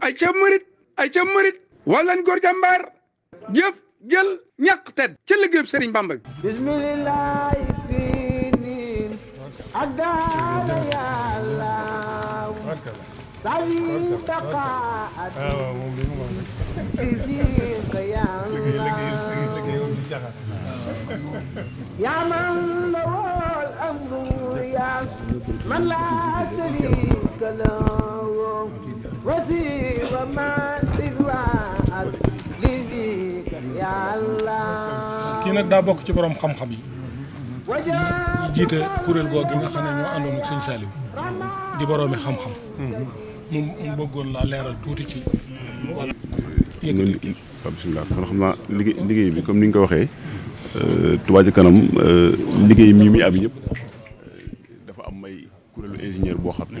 ay ca murit ay ca murit walan góor jàmbaar jëf jël ñàkk tedd ca liggéeyub Sëriñ Bamba bi bismillah fiini addaala yàlla sawi taqaat fiika yàlla yaa man lawol amru yaa man laa sharika lahu nag daa bokk ci borom xam-xam yi ñu jiite kuréel googu nga xam ne ñoo àndoon ak sëñ Saliou di boroomi xam-xam. mu mu bëggoon laa leeral tuuti ci. wala yëkkati bisimilah kon xam naa liggéey liggéey bi comme ni nga ko waxee. Euh, Touba Ca Kanam euh, liggéey mii muy ab yëpp euh, dafa am ay kuréelu ingénieur boo xam ne.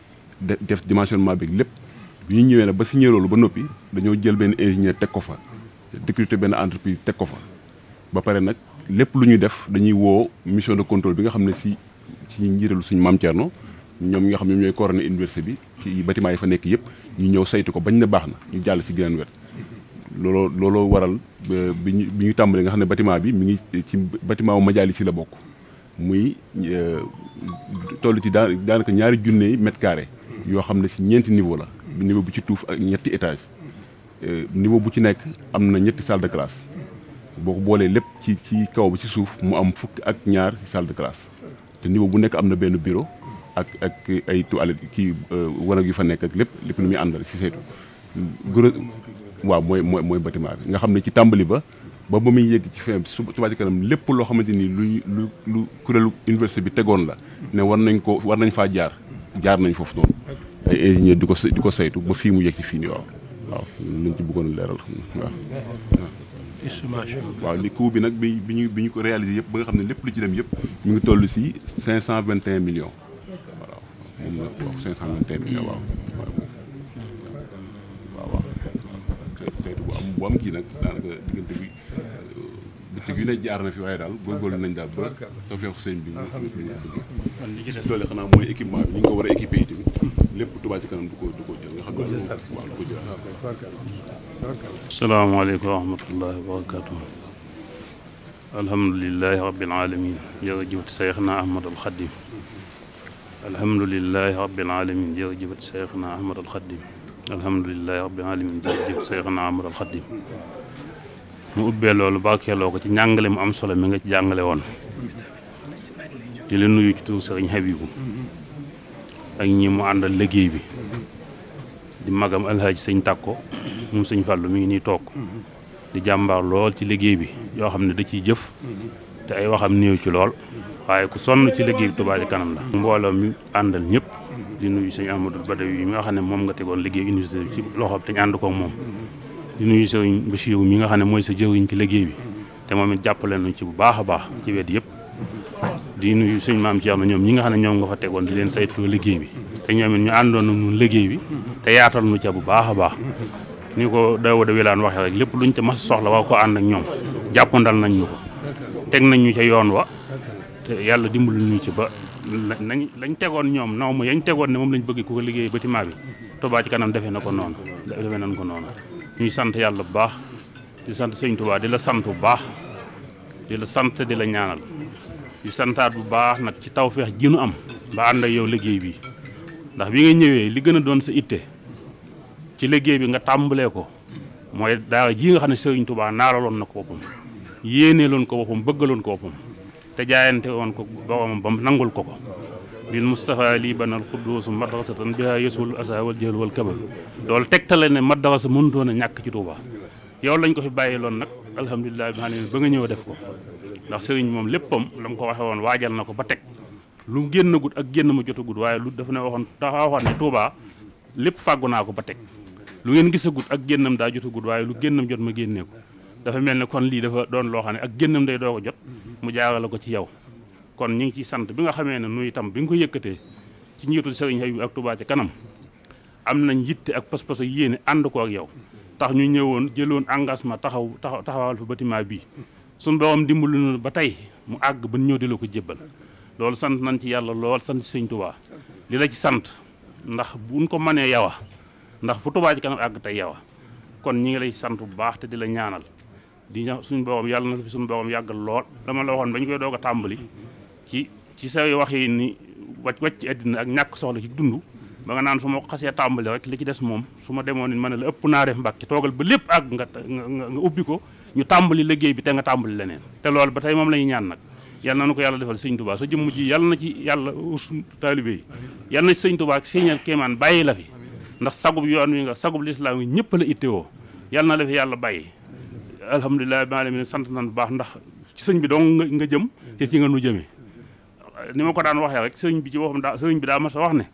def dimensionnement bi lépp bi ñu ñëwee nag ba signé loolu ba noppi dañoo jël benn ingénieur teg ko fa recruter benn entreprise teg ko fa ba pare nag lépp lu ñuy def dañuy woo mission de contrôle bi nga xam ne si ci njiitalu suñu maam Thierno ñoom ñi nga xam ne ñooy coroner université bi ci bâtiment yi fa nekk yëpp ñu ñëw saytu ko bañ na baax na ñu jàll si geneen wet looloo looloo waral bi ñu bi ñu tàmbalee nga xam ne bâtiment bi mi ngi ci bâtiment wu Madialis si la bokk muy euh, toll ci daanaka ñaari junne mètre carré yoo xam ne si ñeenti niveau la niveau bu ci tuuf ak ñetti étage euh, niveau bu ci nekk am na ñetti salle de classe boo ko boolee lépp ci ci kaw ba ci suuf mu am fukki ak ñaar ci salle de classe te niveau bu nekk am na benn bureau ak ak ay toilettes kii euh, wanag yu fa nekk ak lépp lépp lu muy àndal si saytu gros mooy mooy mooy bâtiment bi nga xam ne ci tàmbali ba ba ba muy yëgg su Touba Ca Kanam lépp loo xamante ni lu lu lu kuréelu université bi tegoon la ne war nañ ko war nañ faa jaar jaar nañ foofu noonu. ay ingénieur di ko di ko saytu ba fii mu yegg ci fii nii waaw. waaw luñ ci bëggoon leeral waaw. waaw li coût bi nag bi bi ñu bi ñu ko réalisé yëpp ba nga xam ne lépp lu ci dem yëpp mu ngi toll si 521 millions. voilà moom la wax 521 millions waaw. waaw waaw saytu bu am bu kii nag daanaka diggante bi euh, bëccëg yu ne jaar na fi waaye daal góorgóorlu nañ daal ba toog feexu sëñ bi doole xanaa mooy équipement bi ni ñu ko war a équipé yi tamit lépp Touba ci kanam du ko du ko jël nga xam ne waaw du ko jël asalaamaaleykum wa rahmatullahi wa barakatuh alhamdulilahi rabbil alamin jërëjëf Seyxna Ahmad al Xadim alhamdulilahi rabbil alamin jërëjëf Seyxna Ahmad al Xadim alhamdulilahi rabbil alamin jërëjëf Seyxna Ahmad al Xadim mu ubbee loolu barkeeloo ko ci njàngale mu am solo mi nga ci jàngale woon di la nuyu ci tur sëriñ Habibu ak ñi mu àndal liggéey bi di magam alxaaji sëñ Takko moom sëñ Fàllu mi ngi nii toog di jàmbaar lool ci liggéey bi yoo xam ne da ciy jëf te ay waxam néew ci lool waaye ku sonn ci liggéey bi Touba Kanam la mbooloo mi àndal ñëpp di nuyu sëñ Amadou Badawi yi mi nga xam ne moom nga tegoon liggéey université bi ci loxoom te ñu ànd koog moom di nuyu sëñ Bachir mi nga xam ne mooy sa jëwriñ ci liggéey bi te moom it jàppale ci bu baax a baax ci yëpp di nuyu suñ maam Thierno ñoom ñi nga xam ne ñoom nga fa tegoon di leen saytoo liggéey bi te ñoom it ñu àndoon ak ñun liggéey bi te yaatal nu ca bu baax a baax ni ko Daawuda Wilaan waxee rek lépp luñ ca mas soxla ko ànd ak ñoom jàppandal nañ ñu ko teg nañ ñu ca yoon wa te yàlla dimbali ñu ci ba nañ lañ tegoon ñoom naw ma yañ tegoon ne moom lañ bëgg ku ko liggéey bâtiment bi Touba ci kanam defee na ko noonu defee nañ ko noonu ñuy sant yàlla bu baax di sant sëñ Touba di la sant bu baax di la sant di la ñaanal di santaat bu baax nag ci tawfeex ji nu am ba ànd ak yow liggéey bi ndax bi nga ñëwee li gën a doon sa itte ci liggéey bi nga tàmbalee ko mooy daara ji nga xam ne Serigne Touba naaraloon na ko boppam yéeneeloon ko boppam bëggaloon ko boppam te jaayante woon ko boromam ba nangul ko ko bin Moustapha lii banal xudduus madrasatan biha yesul asa wal jël wal kabal loolu tegtale ne madrasa mënutoon a ñàkk ci Touba yow lañ ko fi bàyyi loon nag alhamdulilah bi xam ne ba nga ñëw def ko ndax sëriñ moom léppam la mu ko waxee woon waajal na ko ba teg lu génnagut ak génn ma jotagut waaye lu dafa ne waxoon dafa waxoon ne Touba lépp fàggu naa ko ba teg lu ngeen gisagut ak génnam daa jotagut waaye lu génnam jot ma génnee ko dafa mel ne kon lii dafa doon loo xam ne ak génnam day doo ko jot mu jaarale ko ci yow kon ñu ngi ciy sant bi nga xamee ne nuy itam bi nga ko yëkkatee ci njiitul sëriñ Habib ak Touba ci kanam am nañ yitte ak pas-pas ak yéene ànd ko ak yow tax ñu ñëwoon jëloon engagement taxaw taxawal fa bâtiment bii sun borom dimbalu nu ba tay mu ag ba ñëw di ko jébbal sant nañ ci yalla lool sant seigne touba li la ci sant ndax buñ ko mané yawa ndax fu touba ci kanam ag tay yawa kon ñi ngi lay sant bu baax te di la ñaanal di ña suñu borom yalla na fi suñu borom yagal lool dama la waxon bañ koy doga tambali ci ci sa wax yi ni wacc ci àddina ak ñak soxla ci dundu ba nga naan su ma xasse tambali rek li ci dess mom suma demone man la ëpp na def mbacke togal ba lepp ag nga nga ubbi ko ñu tàmbali liggéey bi te nga tàmbali leneen te loolu ba tey moom la ñuy ñaan nag yal na nu ko yàlla defal sëñ Touba sa jëmm ji yal na ci yàlla us taalibe yi yal na ci sëñ Touba sëñal kéemaan bàyyi la fi ndax sagub yoon wi nga sagub lislaam yi ñëpp la ittewoo yal na la fi yàlla bàyyi alhamdulilah bi alamin sant nan bu baax ndax ci sëñ bi dong nga jëm te ci nga nu jëmee ni ma ko daan waxee rek sëñ bi ci waxam daa sëñ bi daa ma sa wax ne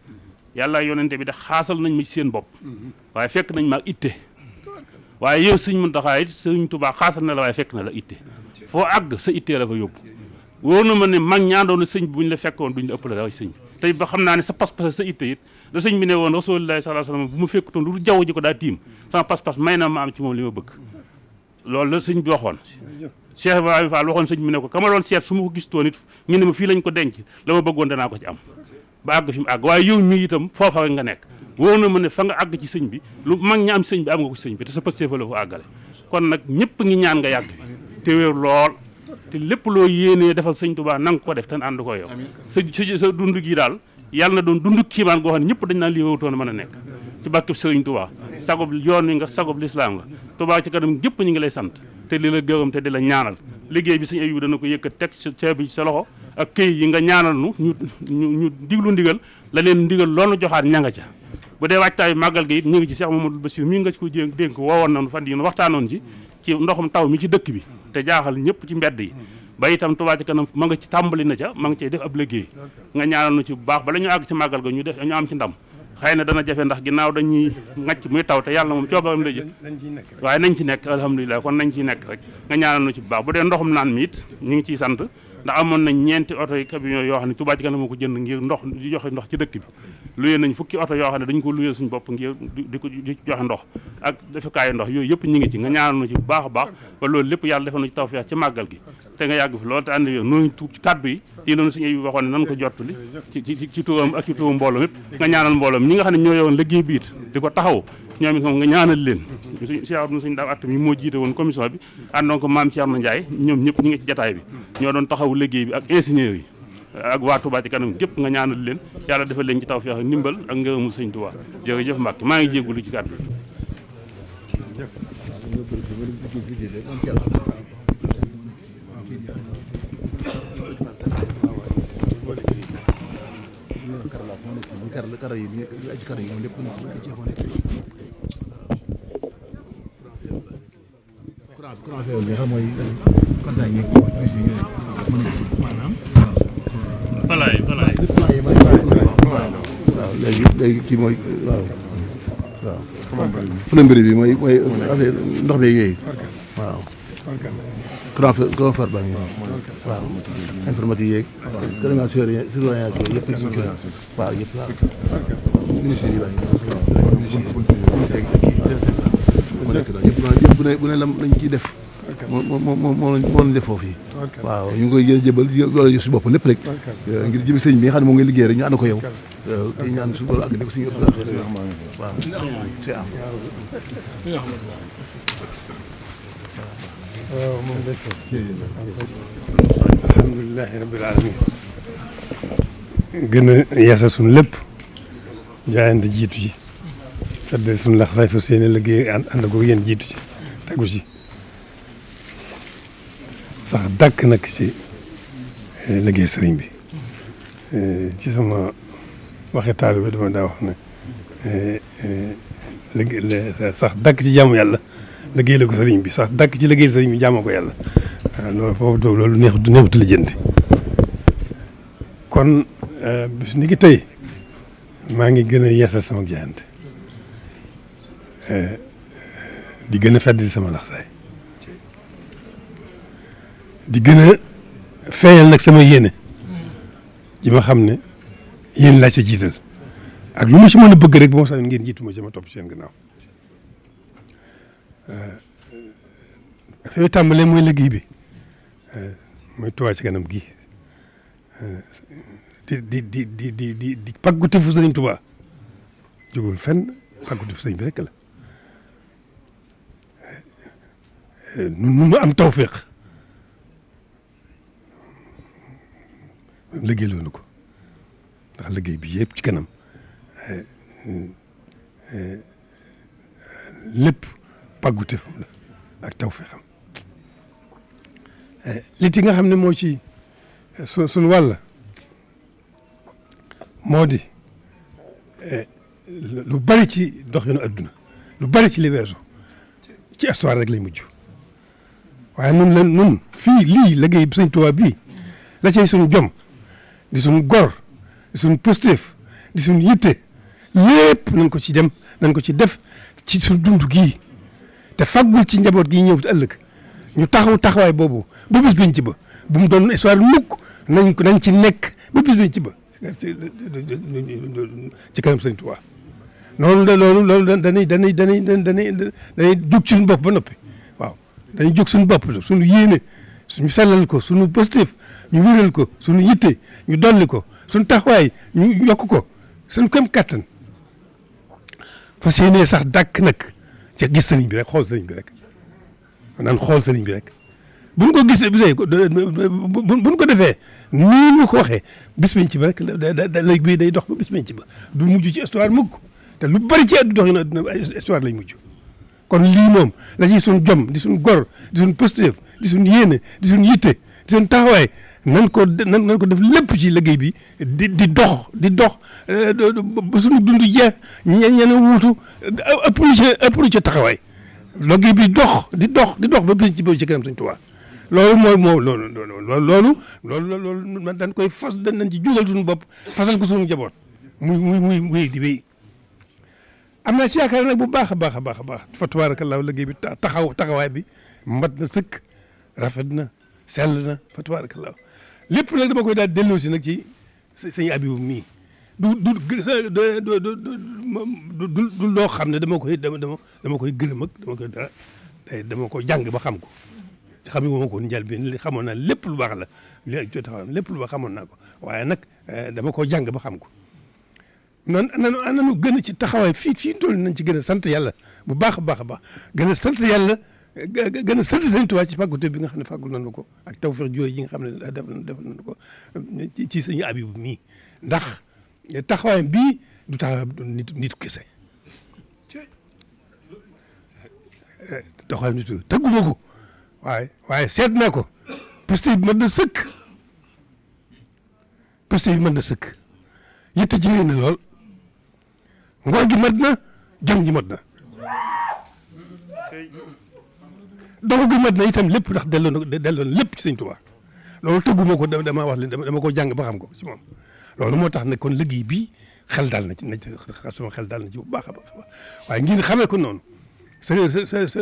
yàlla yonente bi de xaasal nañ ma ci seen bopp mm-hmm. waaye fekk waaye yow sëñ Muntaxa it sëñ Tuubaa xaasal na la waaye fekk na la itte foo àgg sa ittee la fa yóbbu wóor na ma ne mag ñaandoon na sëñ bi bu ñu la fekkoon duñ la ëpp la sëñ tey ba xam naa ne sa pas sëñ bi ne woon rasulillahi sallallahu alayhi wasallam bu ko daa tiim sama pas-pas may na ma am ci moom li ma bëgg loolu la sëñ bi waxoon Cheikh Ibrahima Fall waxoon sëñ bi ne ko ka ma doon seet su ma ko gis toon it ñu ne ma fii lañ ko denc la ma bëggoon danaa ko ci am ba àgg fi àgg waaye yow mii itam foofa nga nekk wóor na ma ne fa nga àgg ci sëñ bi lu mag ñi am sëñ bi am nga ko sëñ bi te sa pëstee fa la ko àggale kon nag ñëpp ngi ñaan nga yàgg bi te wér lool te lépp loo yéenee defal sëñ Tuubaa na nga ko def te ànd ko yow sa sa dund gi daal yàlla na doon dund kiimaan goo xam ne ñëpp dañ naan lii mën a nekk ci bàkkib sëriñ Tuubaa sagob yoon wi nga sagob lislaam nga Tuubaa ci kanam ñëpp ñu ngi lay sant te di la gërëm te di la ñaanal liggéey bi sëñ Abibu dana ko yëkkat teg ceeb bi sa loxo ak këy yi nga ñaanal nu ñu ñu diglu ndigal la leen ndigal loolu joxaat ña nga ca bu dee waajtaayu màggal gi it ñu ngi a Cheikh Mamadou Bassir mii nga ko jé dénk woowoon nañu fan yi waxtaanoon ci ndoxum taw mi ci dëkk bi te jaaxal ñëpp ci mbedd yi ba itam Touba Ca Kanam ma nga ci tàmbali na ca ma nga cay def ab liggéey nga ñaanal nu ci bu baax ba ñu àgg ci màggal ga ñu def ñu am ci ndam xëy na dana jafe ndax ginnaaw dañuy ngacc muy taw te yàlla moom coobaram la jël waaye nañ ci nekk alhamdulilah kon nañ ci nekk rek nga ñaanal nu ci baax bu dee ndoxum naan mi ñu ngi ciy sant ndax amoon nañ ñeenti oto yi camion yoo xam ne Touba ci kanam moo ko jënd ngir ndox di joxe ndox ci dëkk bi luyee nañ fukki oto yoo dañ ko luyee suñu bopp ngir di ko yooyu yëpp ñu ngi ci nga ñaanal na ci bu baax a baax ba loolu lépp yàlla defal na ci tawfeex ci màggal gi te nga yàgg fi loolu te ànd yoon noonu tuub ci kàddu yi yi noonu suñu bi waxoon nan ko jottali ci ci ci ak ci turam mbooloo yëpp nga ñaanal mbooloo ñi nga xam ne ñoo yowoon liggéey biit di ko taxaw ñoom itam nga ñaanal leen Cheikh Abdou Sëñ Daam Atta mi moo jiite woon commission bi àndoon ko maam Thierno Ndiaye ñoom ñëpp ñi ngi ci jataay bi ñoo doon taxaw liggéey bi ak ingénieur yi ak waa Touba kanam gépp nga ñaanal leen yàlla defal leen ci taw tawfeex ndimbal ak ngërëmu sëñ Touba jërëjëf Mbàkke maa ngi jéggulu ci kàddu beneen kar laa fi mu nekk nii fer baa ngi waaw informatique waaw kër surveillance yooyu yëpp ñu ngi waaw yëpp waaw ministère yi baa ngi mu nekk daal yëpp yëpp bu ne bu ne lam lañ ciy def moo moo moo moo lañ def foofu yi waaw ñu ngi koy jëbal loolu yu si bopp lépp rek ngir jëm sëñ bi nga xam ne moom ngay liggéey rek ñu ànd ko yow ñu ñaan su loolu àgg ne ko suñu ëpp waaw c'est am waaw moom alhamdulilah rabbil alamin gën a yeesal suñu lépp jaayante jiitu ji sadde suñu lax saay fa seeni liggéey ànd ko yéen jiitu ci tegu ci sax dàkk nag ci liggéey sëriñ bi ci sama waxi taalibe dama daa wax ne liggéey sax dàkk ci jaamu yàlla liggéey la ko sëriñ bi sax dàkk ci liggéey sëriñ bi jaamoo ko yàlla loolu foofu loolu neexut neexut la jënd kon euh, bis ni ki tey maa ngi gën a yeesal sama jaayante euh, di gën a feddali sama laxsaay di gën a feeñal nag sama yéene ji ma xam ne yéen laa ca jiital ak lu ma ci mën ne bëgg rek ba sax ngeen jiitu ma ci ma topp seen gannaaw. Euh, fi tàmbalee mooy liggéey bi Eh, mooy Touba ci kanam gi eh, di di di di di di di pàggu tefu sëriñ Touba jógul fenn pàggu tefu sëriñ eh, am tawféex liggéey loonu ko ndax liggéey bi yëpp ci kanam lépp pàggu tefam la ak tawféexam li ti nga xam ne moo ci su eh, suñu wàll moo di eh, lu bari ci doxinu adduna lu bari ci li weesu ci histoire rek lay mujj waaye nun la nun fii lii liggéey Sëñ Tuubaa bii la cay suñu jom di suñu gor di suñu positif di suñu yitte lépp nañ ko ci dem nañ ko ci def ci suñu dund gii te faggul ci njaboot gi ñëw ëllëg nous taxaw taxawaay boobu Nous bis Nous ci nous bu mu Nous mukk nañ ci nous bis Nous ci ba naan xool sëriñ bi rek buñ ko gisee bu buñ ko defee nii ñu ko waxee bis bi rek lay bii day dox ba bis ba du mujj ci histoire mukk te lu bari ci addu dox na histoire lay mujj kon lii moom la ciy suñ jom di suñ gor di suñ positif di suñ yéene di suñ yitte di suñ taxawaay nan ko nan ko def lépp ci liggéey bi di di dox di dox euh, ba suñu dund jeex ñe ñene wuutu ëpp lu ca ëpp taxawaay liggéey bi dox di dox di dox ba penc bi ci kanam Sëñ Tuubaa loolu mooy moo loolu loolu loolu loolu dañ koy fas dañ ci jugal suñu bopp fasal ko suñu njaboot muy muy muy muy am naa ci yaakaar nag bu baax a baax a baax a baax fa tabaarakallaahu liggéey bi taxaw taxawaay bi mat na sëkk rafet na sell na fa tabaarakallaahu lépp nag dama koy daal delloo si nag ci sëñ Abibu mii du du du du loo xam ne dama koy dama dama koy gërëm ak dama koy dara day dama ko jàng ba xam ko te xam nga ma ko njëlbéen li xamoon naa lépp lu baax la li jot xam lépp lu baax xamoon naa ko waaye nag dama ko jàng ba xam ko. noonu nanu nanu gën a ci taxawaay fii fii toll nañ ci gën a sant yàlla bu baax a baax a baax gën a sant yàlla gën a sant Sëñ Tuubaa ci fàggute bi nga xam ne fàggul nañu ko ak tawfeex jure yi nga xam ne def nañu ko ci Sëñ Abibu mii ndax. taxawaayam bii du tax nit nit kese taxawaayam nit tëgguma ko waaye waaye seet ne ko piste bi mën na sëkk piste bi mën na sëkk yitte ji réy na lool ngor gi mat na jom ji mat na dogu gi mat na itam lépp ndax delloon delloon lépp ci sëñ Tuubaa loolu tëgguma ko dama wax leen dama ko jàng ba xam ko loolu moo tax ne kon liggéey bii xel daal na ci na sama xel daal na ci bu baax a waaye ngeen xamee ko noonu sëriñ sa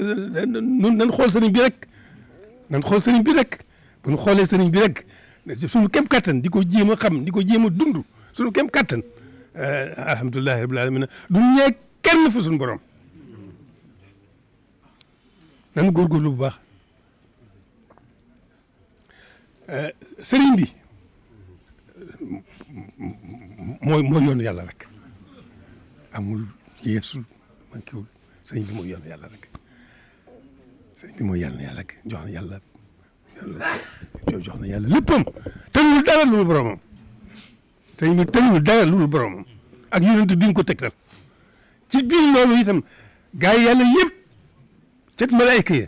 nan xool sëriñ bi rek nan xool sëriñ bi rek bu xoolee sëriñ bi rek suñu kem kattan di ko jéem a xam di ko jéem a dund suñu kem kattan eh, alhamdulilahi rabbil alamin du ñee kenn fa suñu borom nan góorgóorlu bu baax eh, sëriñ bi mooy mooy yoonu rek amul yeesul mankiwul sëñ bi mooy yoonu yàlla rek sëñ bi mooy yàlla na yàlla rek jox na yàlla jox na yàlla léppam tënul dara lu dul boromam sëñ bi tënul dara ak yonent bi ñu ko tegtal ci biir loolu itam gars yi yàlla yëpp ca malaayka ya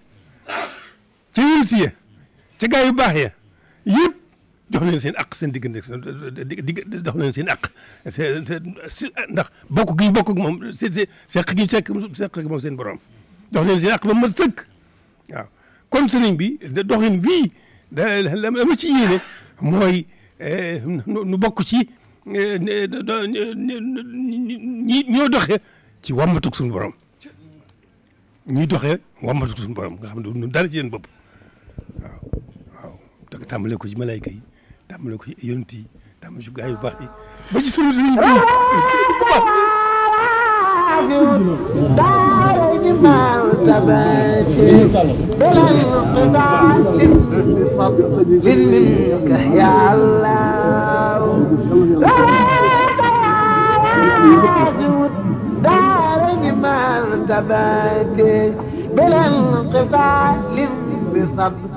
ca yonent ya ca gars yu baax ya jox leen seen àq seen diggante di jox leen seen àq ndax bokk gi bokk ak moom se seq gi ñu seq seq ak seen borom jox leen seen àq ba ma sëkk waaw kon sëriñ bi doxin bii da la ma ci yéene mooy eh, nu bokk ci eh, ñi ñoo doxee ci wàmmatug suñu borom ñi doxee wàmmatug suñu borom nga xam ne dara ci seen bopp waaw waaw tàmbale ko ci malayka yi tàmbale ko ci yonent yi tàmbale ci gaa yu baax yi ba ci sunu sëriñ bi bu baax بلا انقطاع بالفضل